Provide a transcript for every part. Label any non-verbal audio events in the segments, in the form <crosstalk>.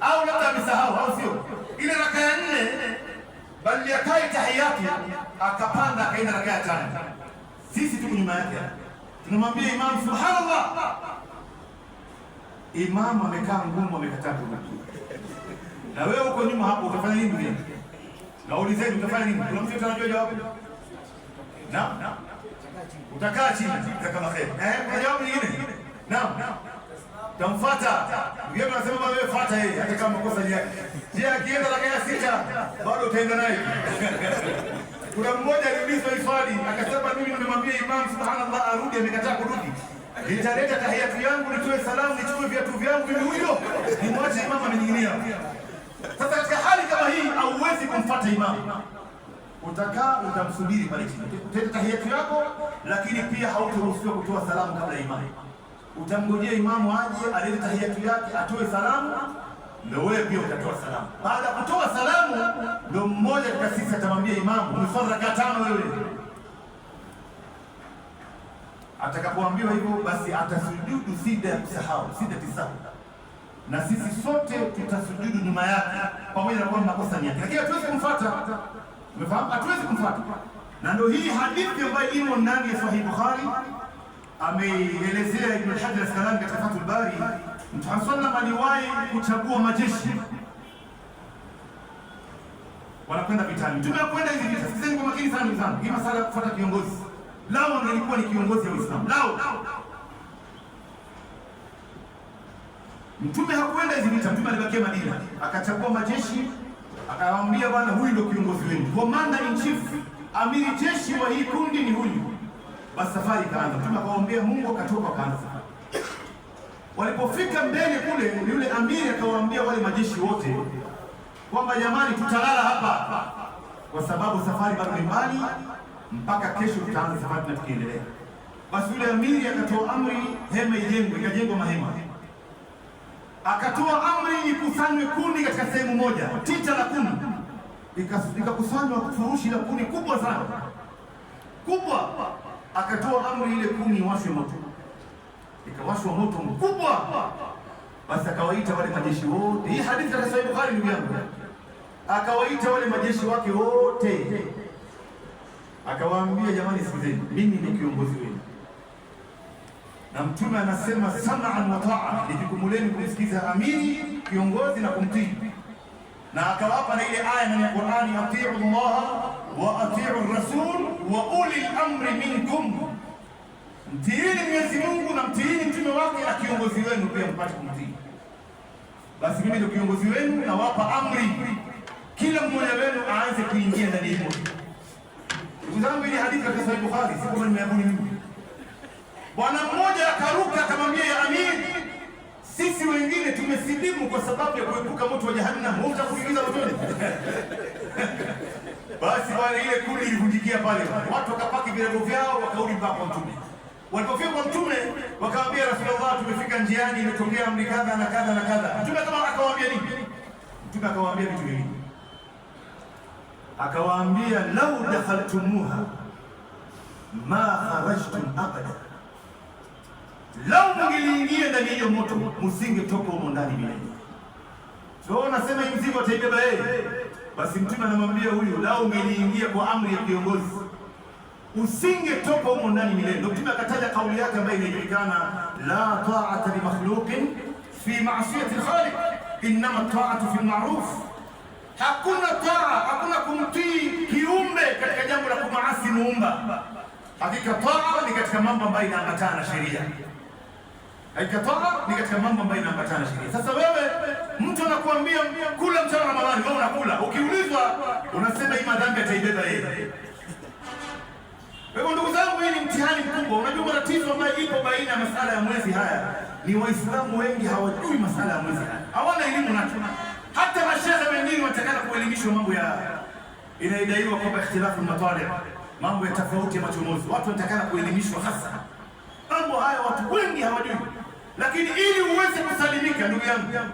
au labda amesahau, au sio? Ile raka ya nne bali yakae tahiyati, akapanda akaenda raka ya tano. Sisi tu nyuma yake tunamwambia imamu, subhanallah, imamu amekaa ngumu, amekataa kurudi. Na wewe uko nyuma hapo, utafanya nini? Naulizeni, utafanya nini? Kuna mtu anajua jawabu? Naam, utakaa chini kama kheri. Eh, jawabu nyingine naam tamfuata. Mgeni anasema wewe fuata yeye hata kama makosa ni yake. Je, akienda dakika sita bado utaenda naye? Kuna mmoja aliulizwa ifadi akasema, mimi nimemwambia imam subhanallah arudi, amekataa kurudi. Nitaleta tahiyatu yangu, nitoe salamu, nichukue viatu vyangu hivi huyo, nimwache imam ameninginia. Sasa katika hali kama hii hauwezi kumfuata imam. Utakaa utamsubiri pale chini. Utaleta tahiyatu yako, lakini pia hautaruhusiwa kutoa salamu kabla ya imam utamgojea imamu aje alete tahiyatu yake, atoe salamu, ndio wewe pia utatoa salamu. Baada ya kutoa salamu, ndio mmoja katika sisi atamwambia imamu, umefanya rakaa tano wewe. Atakapoambiwa hivyo, basi atasujudu sida ya kusahau, sida tisahau, na sisi sote tutasujudu nyuma yake, pamoja na kwamba makosa ni yake, lakini hatuwezi kumfuata. Umefahamu? Hatuwezi kumfuata, na ndio hii hadithi ambayo imo ndani ya Sahihi Bukhari ameielezea Ibn Hajar Asqalani katika Fathul Bari, Mtume sallam aliwahi kuchagua majeshi wanakwenda vitani, Mtume akwenda hizi vita. Sikizeni kwa makini sana mizani hii masala ya kufuata kiongozi lao, angelikuwa ni kiongozi wa Uislamu lao, Mtume hakwenda hizi vita. Mtume alibakia Madina, akachagua majeshi, akawaambia bwana, huyu ndio kiongozi wenu, commander in chief, amiri jeshi wa hii kundi ni huyu basi safari ikaanza. Mtume akawaombea Mungu, akatoka akaanza safari. Walipofika mbele kule, yule amiri akawaambia wale majeshi wote kwamba jamani, tutalala hapa kwa sababu safari bado ni mbali, mpaka kesho tutaanza safari na tukiendelea. Basi yule amiri akatoa amri hema ijengwe, ikajengwa mahema. Akatoa amri ikusanywe kuni katika sehemu moja, tita la kuni ikakusanywa, furushi la kuni kubwa sana kubwa akatoa amri ile kumi iwashwe moto, ikawashwa moto mkubwa. Basi akawaita wale majeshi wote, hii hadithi ya Sahihi Bukhari, ndugu yangu, akawaita wale majeshi wake wote, akawaambia jamani, sikizeni, mimi ni kiongozi wenu, na Mtume anasema sam'an wa ta'a, nikikumuleni kumsikiza amini kiongozi na kumtii na akawapa na ile aya ya Qur'ani, atiu Allah wa atiu rasul wa ulil amri minkum, mtiini Mwenyezi Mungu na mtiini mtume wake na kiongozi wenu pia mpate kumtii. Basi mimi ndio kiongozi wenu, nawapa amri, kila mmoja wenu aanze kuingia ndani hiyo. Ndugu zangu, ile hadithi ya Sahih Bukhari, si mimi. Bwana mmoja akaruka akamwambia ya amini sisi wengine tumesilimu kwa sababu ya kuepuka moto wa jahannam. Utakuingiza motoni. <laughs> Basi pale ile kundi ilivunjikia pale, watu wakapaki virago vyao, wakarudi mpaka kwa Mtume. Walipofika kwa Mtume wakamwambia, Rasulullah, tumefika njiani, imetokea amri kadha na kadha na kadha. Mtume kama akawaambia nini? Mtume akawaambia vitu vingi, akawaambia, lau dakhaltumuha ma kharajtum abada Lau mngeliingia ndani ya moto msingetoka humo ndani bila. Ndio nasema mzigo ataibeba yeye. Basi mtume anamwambia huyu, lau ungeliingia kwa amri ya kiongozi usingetoka humo ndani milele. Ndio mtume akataja kauli yake ambayo inajulikana, la ta'ata li makhluqin fi ma'siyati al-khaliq innama ta'atu fi ma'ruf. Hakuna taa, hakuna kumtii kiumbe katika jambo la kumaasi muumba. Hakika taa ni katika mambo ambayo inaambatana na sheria. Alikataa ni katika mambo ambayo inaambatana sheria. Sasa wewe mtu anakuambia kula mchana Ramadhani, wewe unakula. Ukiulizwa unasema hii madhambi ataibeba yeye. Wewe ndugu zangu, hii ni mtihani mkubwa. Unajua tatizo ambayo ipo baina ya masala ya mwezi haya ni Waislamu wengi hawajui masala ya mwezi haya. Hawana elimu nacho. Hata mashehe wengine watakana kuelimishwa mambo ya inayodaiwa kwamba ikhtilafu matwale, Mambo ya tofauti ya machomozi. Watu watakana kuelimishwa hasa. Mambo haya watu wengi hawajui. Lakini ili uweze kusalimika, ndugu yangu,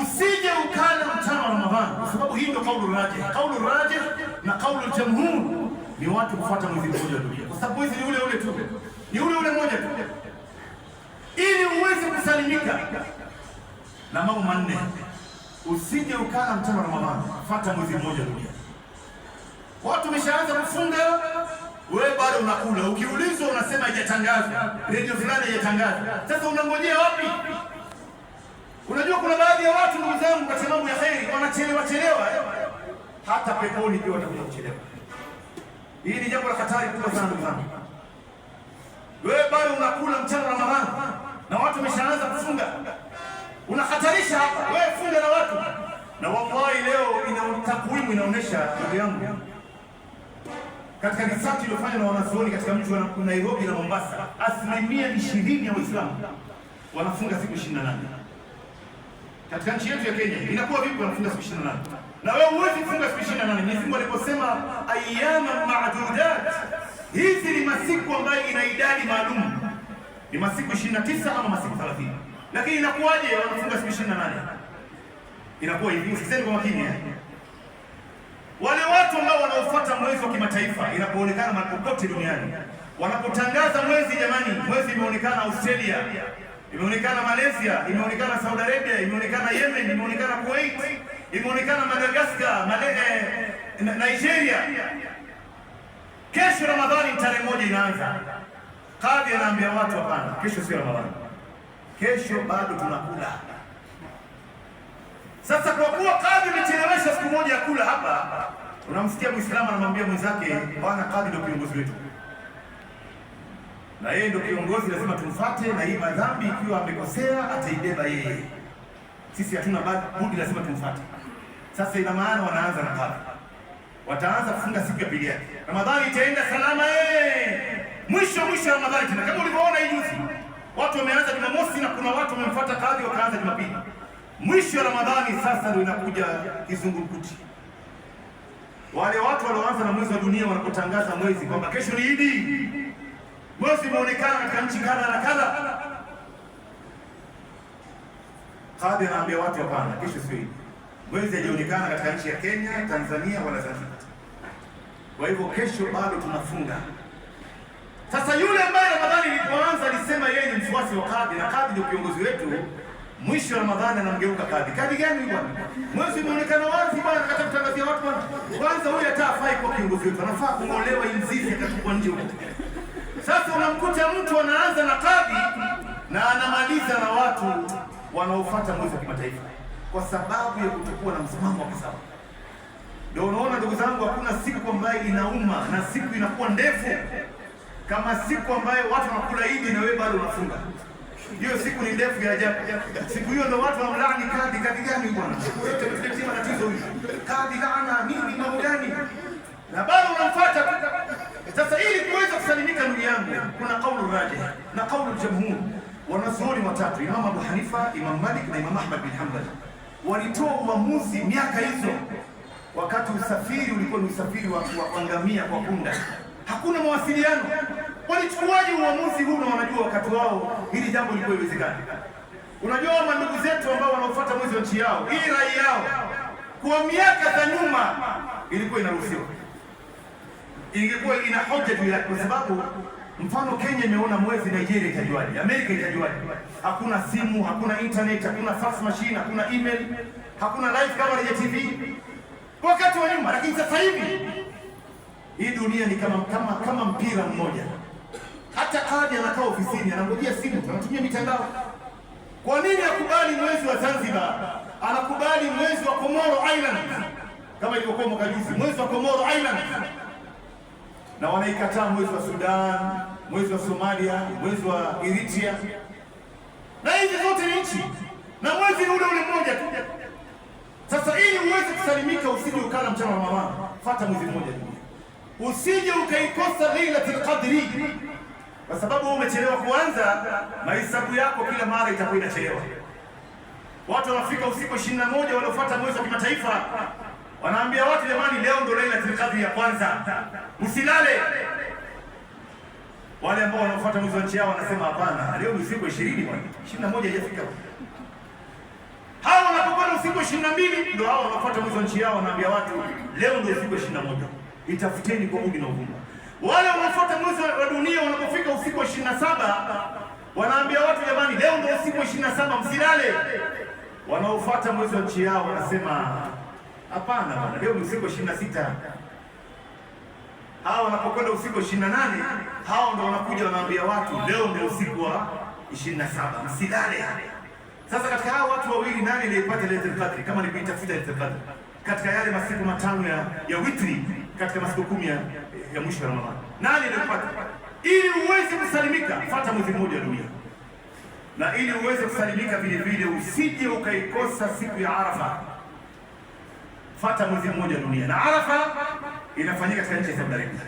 usije ukala mchana wa Ramadhani, kwa sababu hii ndio kaulu raje. Kaulu raje na kaulu jamhur ni watu kufuata mwezi mmoja dunia, kwa sababu mwezi ni ule ule tu, ni ule ule mmoja tu. Ili uweze kusalimika na mambo manne, usije ukala mchana wa Ramadhani, fuata mwezi mmoja dunia. Watu wameshaanza kufunga wewe bado unakula, ukiulizwa unasema haijatangazwa, redio fulani haijatangazwa. Sasa unangojea wapi? Unajua kuna baadhi ya watu ndugu zangu, kwa sababu ya heri wanachelewa chelewa, eh? hata peponi pia watakuja kuchelewa. Hii ni jambo la hatari kubwa sana ndugu zangu. Wewe bado unakula mchana wa Ramadhani na watu wameshaanza kufunga, unahatarisha hapa. Wewe funga na watu, na wallahi leo ina takwimu inaonyesha ndugu yangu katika research iliyofanywa na wanazuoni katika mji wa Nairobi na Mombasa, asilimia ishirini ya Waislamu wanafunga siku 28. Katika nchi yetu ya Kenya inakuwa vipi wanafunga siku 28? Na wewe huwezi kufunga siku 28. Mwenyezi Mungu aliposema ayyama ma'dudat, hizi ni masiku ambayo ina idadi maalum, ni masiku 29 ama masiku 30. Lakini inakuwaje wanafunga siku 28? Inakuwa hivi, sikizeni kwa makini eh. Wale watu ambao wanaofuata mwezi wa kimataifa inapoonekana mapopote duniani, wanapotangaza mwezi, jamani, mwezi imeonekana Australia, imeonekana Malaysia, imeonekana Saudi Arabia, imeonekana Yemen, imeonekana Kuwait, imeonekana Madagascar, Malaya, eh, Nigeria. Kesho Ramadhani tarehe moja inaanza. Kadhi anaambia watu hapana, kesho sio Ramadhani, kesho bado tunakula sasa kwa kuwa kadhi umechelewesha siku moja ya kula hapa, unamsikia Muislamu anamwambia mwenzake, bwana kadhi ndio kiongozi wetu, na yeye ndio kiongozi, lazima tumfuate, na hii madhambi ikiwa amekosea ataibeba yeye, sisi hatuna budi, lazima tumfuate. Sasa ina maana wanaanza na kadhi, wataanza kufunga siku ya pili yake, Ramadhani itaenda salama yeye, eh! mwisho mwisho Ramadhani tena, kama ulivyoona hii juzi, watu wameanza Jumamosi na kuna watu wamemfuata kadhi wakaanza Jumapili. Mwisho wa Ramadhani sasa ndio inakuja kizungumkuti. Wale watu walioanza na mwezi wa dunia wanapotangaza mwezi kwamba kesho ni Idi, mwezi umeonekana katika nchi kadha na kadha. Kadhi anaambia watu hapana, kesho sio Idi. Mwezi hajaonekana katika nchi ya Kenya, Tanzania wala Zanzibar. Kwa hivyo kesho bado tunafunga. Sasa yule ambaye Ramadhani ilipoanza alisema yeye ni mfuasi wa kadhi, na kadhi ndio kiongozi wetu Mwisho wa Ramadhani anamgeuka kadhi. Kadhi gani bwana? Mwezi umeonekana wazi bwana, hata kutangazia watu bwana. Kwanza huyu hata kwa kiongozi wetu. Anafaa kuolewa inzizi akatupwa nje huko. Sasa unamkuta mtu anaanza na kadhi na anamaliza na watu wanaofuata mwezi wa kimataifa kwa sababu ya kutokuwa na msimamo wa kisawa. Ndio unaona ndugu zangu, hakuna siku ambayo inauma na siku inakuwa ndefu kama siku ambayo watu wanakula Idi na wewe bado unafunga hiyo siku ni ndefu ya ajabu. Siku hiyo ndo watu wamlaani kadhi. Kadhi gani bwana? Tutetie matatizo hivi. Kadhi laana nini, mambo gani? Na bado unamfuata. Sasa ili kuweza kusalimika, ndugu yangu, kuna kaulu rajih na kaulu jamhur. Wanazuoni watatu, Imam Abu Hanifa, Imam Malik na Imam Ahmad bin Hanbal walitoa uamuzi miaka hizo, wakati usafiri ulikuwa ni usafiri wa kuangamia kwa punda, hakuna mawasiliano walichukuaje uamuzi huu na wanajua wakati wao hili jambo lilikuwa iwezekani? Unajua wa ndugu zetu ambao wanaofuata mwezi wa nchi yao, hii rai yao kwa miaka za nyuma ilikuwa inaruhusiwa, ingekuwa ina hoja juu yake, kwa sababu mfano Kenya imeona mwezi, Nigeria itajuaje? Amerika itajuaje? Hakuna simu, hakuna internet, hakuna fax machine, hakuna email, hakuna live camera ya TV wakati wa nyuma. Lakini sasa hivi hii dunia ni kama kama kama mpira mmoja hata kadi anakaa ofisini, anangojea simu, anatumia mitandao. Kwa nini akubali mwezi wa Zanzibar, anakubali mwezi wa Komoro Island kama ilivyokuwa mwaka juzi, mwezi wa Komoro Island, na wanaikataa mwezi wa Sudan, mwezi wa Somalia, mwezi wa Eritrea, na hizi zote ni nchi na mwezi ni ule ule mmoja tu. Sasa ili uweze kusalimika, usije ukala mchana wa mama, fata mwezi mmoja tu, usije ukaikosa Lailatul Qadri kwa sababu umechelewa kuanza, mahesabu yako kila mara itakuwa inachelewa. Watu wanafika usiku ishirini na moja wanaofuata mwezi wa kimataifa wanaambia watu, jamani, leo ndio Lailatul Qadri ya kwanza, msilale. Wale ambao wanaofuata mwezi wa nchi yao wanasema hapana, leo ni usiku ishirini bwana, ishirini na moja haijafika. Hao wanapokwenda usiku ishirini na mbili ndio hao wanaofuata mwezi wa nchi yao wanaambia watu, leo ndio usiku ishirini na moja, itafuteni kwa udi na uvumba wale wanafuata mwezi wa dunia wanapofika usiku wa ishirini na saba wanaambia watu, jamani, leo ndio usiku wa ishirini na saba msilale. Wanaofuata mwezi wa nchi yao wanasema hapana bwana, leo ni usiku wa ishirini na sita Hawa wanapokwenda usiku wa ishirini na nane hawa ndio wanakuja wanaambia watu, leo ndio usiku wa ishirini na saba msilale. Sasa katika hao watu wawili, nani aliyepata ile Lailatul-Qadr kama ni kuitafuta Lailatul-Qadr katika yale masiku matano ya, ya witri katika masiku kumi ya ya mwisho ya Ramadhani. Nani anapata? Ili uweze kusalimika, fuata mwezi mmoja wa dunia, na ili uweze kusalimika vile vile, usije ukaikosa siku ya Arafa. Fuata mwezi mmoja wa dunia, na Arafa inafanyika katika nchi ya Saudi Arabia,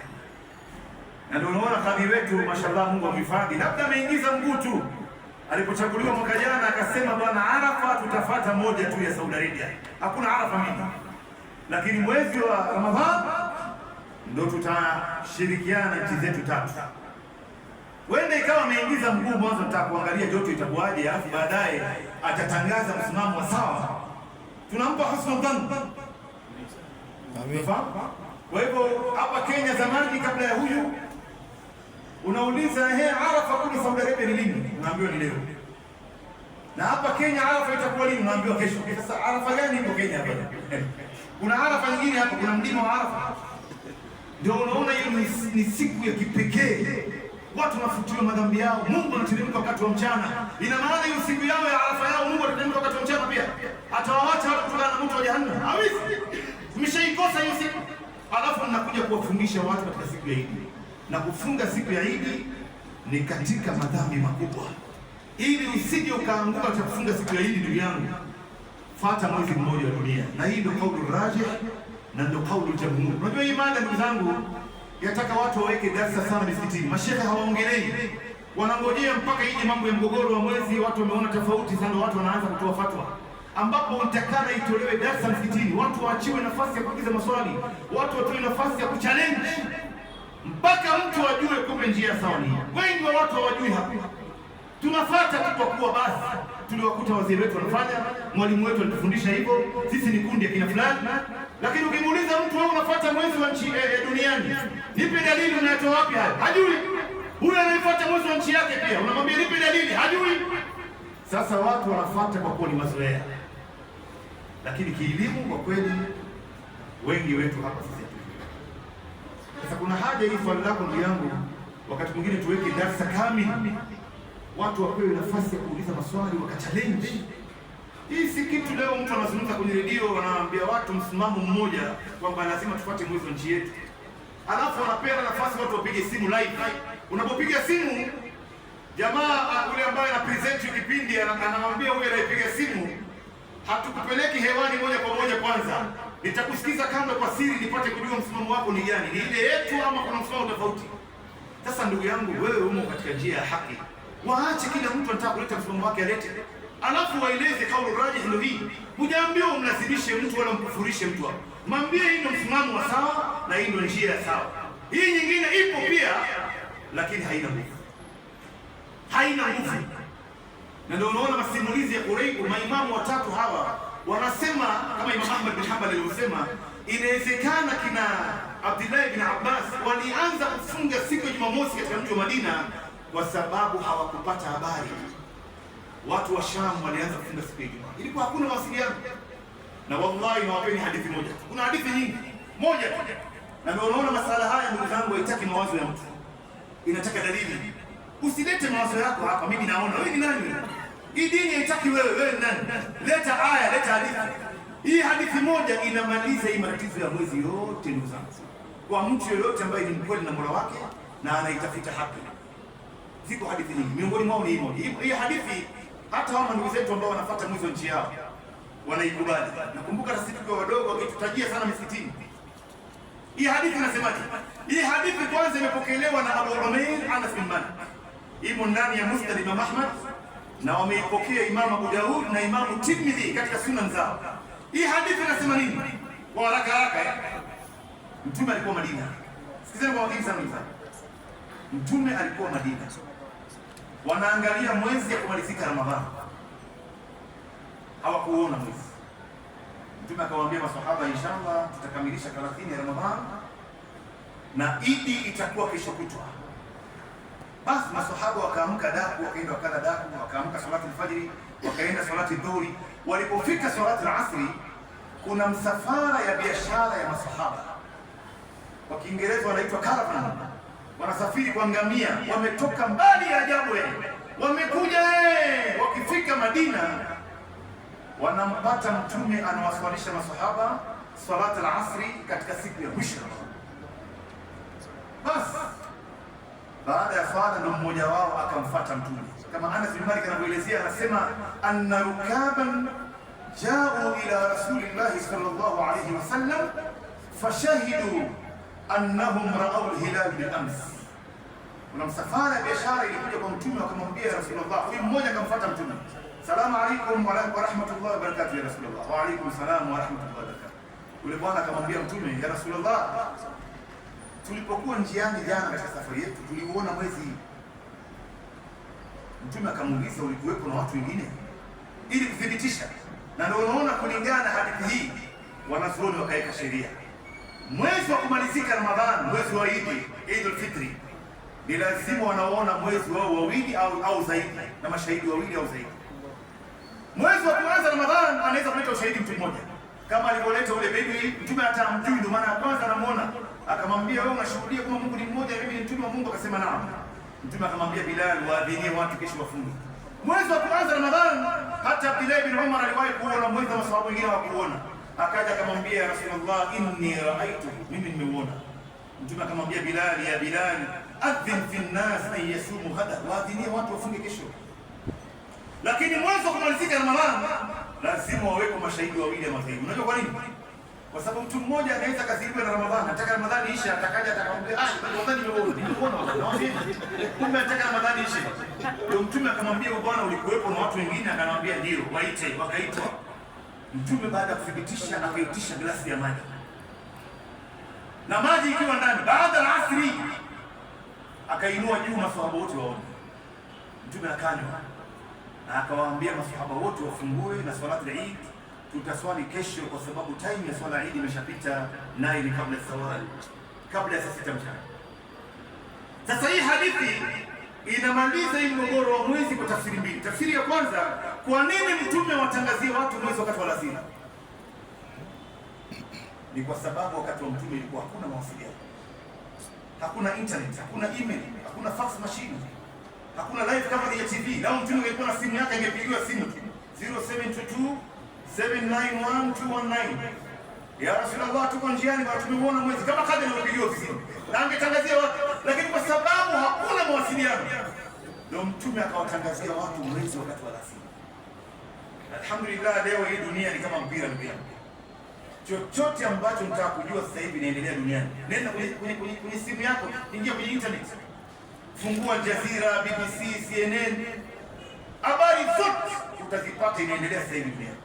na ndio unaona kadhi wetu, mashallah, Mungu amhifadhi, labda ameingiza mgutu alipochaguliwa mwaka jana akasema, bwana, Arafa tutafata moja tu ya Saudi Arabia, hakuna Arafa mingi, lakini mwezi wa Ramadhani ndo tutashirikiana nchi zetu tatu. Wende ikawa ameingiza mguu mwanzo, tutakuangalia joto itakuwaje, halafu baadaye atatangaza msimamo wa sawa, tunampa husna dhann. Amin. Kwa hivyo hapa Kenya zamani, kabla ya huyu, unauliza he, Arafa kule Saudi Arabia ni lini? Unaambiwa ni leo. Na hapa Kenya Arafa itakuwa lini? Unaambiwa kesho. Sasa Arafa gani iko Kenya hapa? <laughs> Kuna Arafa nyingine hapa, kuna mlima wa Arafa. Ndio unaona hiyo ni, ni siku ya kipekee, watu wanafutiwa madhambi yao, Mungu anateremka wakati wa mchana. Ina maana hiyo siku yao ya Arafa yao Mungu anateremka wakati wa mchana pia, atawaacha watu kutokana na moto wa jahannam. Hawezi, tumeshaikosa hiyo siku. Alafu nakuja kuwafundisha watu katika siku ya Idi, na kufunga siku ya Idi ni katika madhambi makubwa, ili usije ukaanguka cha kufunga siku ya Idi. Ndugu yangu, fata mwezi mmoja wa dunia, na hii ndio kauli na ndio kauli Mungu. Unajua hii mada ndugu zangu yataka watu waweke darsa sana misikitini. Mashehe hawaongelei, wanangojea mpaka ije mambo ya mgogoro wa mwezi, watu wameona tofauti sana, watu wanaanza kutoa fatwa ambapo mtakana itolewe darasa msikitini, watu waachiwe nafasi ya kuuliza maswali, watu watoe nafasi ya kuchallenge mpaka mtu ajue kumbe njia sawa. Wengi wa watu hawajui hapo, tunafuata tu kwa kuwa basi tuliwakuta wazee wetu wanafanya, mwalimu wetu alitufundisha hivyo, sisi ni kundi ya kina fulani lakini ukimuuliza mtu wewe unafuata mwezi wa nchi eh, eh duniani, nipe dalili unayotoa wapi hayo? Hajui. Huyu anayefuata mwezi wa nchi yake pia unamwambia nipe dalili, hajui. Sasa watu wanafuata kwa kuwa ni mazoea. Lakini kielimu kwa kweli wengi wetu hapa sisi hatujui. Sasa kuna haja hii swali lako ndugu yangu, wakati mwingine tuweke darasa kamili. Watu wapewe nafasi ya kuuliza maswali wakachallenge hii si kitu leo mtu anazungumza kwenye redio, wanaambia watu msimamo mmoja kwamba lazima tufuate mwezo nchi yetu, alafu wanapenda nafasi watu wapige simu live. Unapopiga simu, jamaa ah, yule ambaye anapresent kipindi anamwambia huyo anayepiga simu, hatukupeleki hewani moja kwa moja, kwanza nitakusikiza kando kwa siri, nipate kujua msimamo wako ni gani, ni ile yetu ama kuna msimamo tofauti? Sasa ndugu yangu, wewe umo katika njia ya haki, waache kila mtu anataka kuleta msimamo wake alete alafu waeleze kaulu rajih ndio hii. Hujaambiwa umlazimishe mtu wala mkufurishe mtu hapo, mwambie hii ndio msimamo wa sawa na hii ndio njia ya sawa. Hii nyingine ipo pia, lakini haina nguvu, haina nguvu. Na ndio unaona masimulizi ya Quraibu, maimamu watatu hawa wanasema kama Imam Ahmad bin Hanbal alivyosema, inawezekana kina Abdullah bin Abbas walianza kufunga siku ya Jumamosi katika mji wa Madina kwa sababu hawakupata habari watu wa Sham walianza kufunga siku ya Ijumaa, ilikuwa hakuna mawasiliano. Na wallahi nawapeni hadithi moja, kuna hadithi nyingi, moja tu. Na unaona masala haya ndugu zangu, haitaki mawazo ya mtu, inataka dalili. Usilete mawazo yako hapa, mimi naona wewe ni nani. Hii dini haitaki wewe, wewe ni nani? Leta aya, leta hadithi. Hii hadithi moja inamaliza hii matatizo ya mwezi yote, ndugu zangu, kwa mtu yoyote ambaye ni mkweli na Mola wake na anaitafuta haki. Ziko hadithi nyingi, miongoni mwao ni hii moja. Hii hadithi hata hao ndugu zetu ambao wanafuata mwizo nchi yao wanaikubali. Nakumbuka sisi tukiwa wadogo wakitutajia sana misikitini. Hii hadithi inasemaje? Hii hadithi kwanza imepokelewa na Abu Umair Anas bin Malik, imo ndani ya Musnad Imam Ahmad na wameipokea Imam Abu Daud na Imam Tirmidhi katika sunan zao. Hii hadithi inasema nini? Kwa haraka haraka, eh? mtume alikuwa Madina. Sikizeni kwa makini sana, mtume alikuwa Madina wanaangalia mwezi ya kumalizika Ramadhani, hawakuona mwezi. Mtume akawaambia maswahaba, inshallah tutakamilisha 30 ya Ramadhani na Idi itakuwa kesho kutwa. Basi maswahaba wakaamka daku, wakaenda wakala daku, wakaamka salati alfajiri, wakaenda salati dhuhuri. Walipofika salati alasri, kuna msafara ya biashara ya maswahaba, kwa Kiingereza wanaitwa caravan wanasafiri kwa ngamia, wametoka mbali ya ajabu, wamekuja ee, wakifika Madina wanampata Mtume anawaswalisha masahaba salata al-asri katika siku ya mwisho. Basi baada ya swala, na mmoja wao akamfuata Mtume, kama Anas bin Malik anavyoelezea, anasema anna rukaban jau ila rasulillahi sallallahu alayhi wasallam fashahidu annahum raau lhilal bilamsi kuna msafara ya biashara ilikuja kwa mtume, wakamwambia Rasulullah, huyu mmoja akamfuata mtume, salamu alaikum warahmatullahi wabarakatu ya Rasulullah, wa alaikum salam warahmatullahi wabarakatu. wa Yule bwana akamwambia mtume, ya Rasulullah, tulipokuwa njiani jana katika safari yetu tuliuona mwezi. Mtume akamuuliza ulikuwepo na watu wengine, ili kuthibitisha. Na ndio unaona kulingana na hadithi hii wanazuoni wakaweka sheria mwezi wa kumalizika Ramadhani, mwezi wa Idi, Idul Fitri ni lazima wanaona mwezi wao wawili au au zaidi na mashahidi wawili au zaidi. Mwezi wa kwanza Ramadhani anaweza kuleta ushahidi mtu mmoja, kama alivyoleta ule bibi, mtume hata amjui, ndio maana ya kwanza anamuona, akamwambia wewe unashuhudia kama Mungu ni mmoja, mimi ni mtume wa Mungu, akasema naam. Mtume akamwambia Bilal, waadhinie watu kesho wafunge. Mwezi wa kwanza Ramadhani, hata Abdullah bin Umar aliwahi kuona mwezi, wa sababu nyingine hawakuona, akaja akamwambia Rasulullah, inni raaitu, mimi nimeuona. Mtume akamwambia Bilal, ya Bilal adhin fi nnas an yasumu ghada, waadhinie watu wafunge kesho. Lakini mwanzo wa kumalizika Ramadhani lazima waweko mashahidi wawili ya madhehebu. Unajua kwa nini? Kwa sababu mtu mmoja anaweza kadhibika na Ramadhani, nataka Ramadhani ishe, atakaja atakamwambia ah, Ramadhani imerudi. Kumbe anataka Ramadhani ishe. Ndio Mtume akamwambia, bwana, ulikuwepo na watu wengine? Akamwambia ndio, waite. Wakaitwa. Mtume baada ya kuthibitisha, akaitisha glasi ya maji na maji ikiwa ndani, baada ya asri akainua juu maswahaba wote waone. Mtume akanywa na akawaambia maswahaba wote wafungue, na swala ya Eid tutaswali kesho, kwa sababu time ya swala ya Eid imeshapita, naye ni kabla ya sawali, kabla ya saa sita mchana. Sasa hii hadithi inamaliza hii mgogoro wa mwezi kwa tafsiri mbili. Tafsiri ya kwanza, kwa nini mtume watangazie watu mwezi wakati wa lazima? Ni kwa sababu wakati wa mtume ilikuwa hakuna mawasiliano hakuna internet, hakuna email, hakuna fax machine, hakuna live kama kwenye TV. Lao mtu ungekuwa na simu yake ingepigiwa simu tu 0722791219 ya Rasulullah, tuko njiani bwana, tumeona mwezi kama kaja na mpigiwa simu na angetangazia watu, lakini kwa sababu hakuna mawasiliano, ndio mtume akawatangazia watu mwezi wakati wa rasmi. Alhamdulillah, leo hii dunia ni kama mpira mpira chochote ambacho nataka kujua sasa hivi inaendelea duniani, nenda kwenye simu yako, ingia kwenye internet, fungua Jazira, BBC, CNN, habari zote utazipata inaendelea sasa hivi duniani.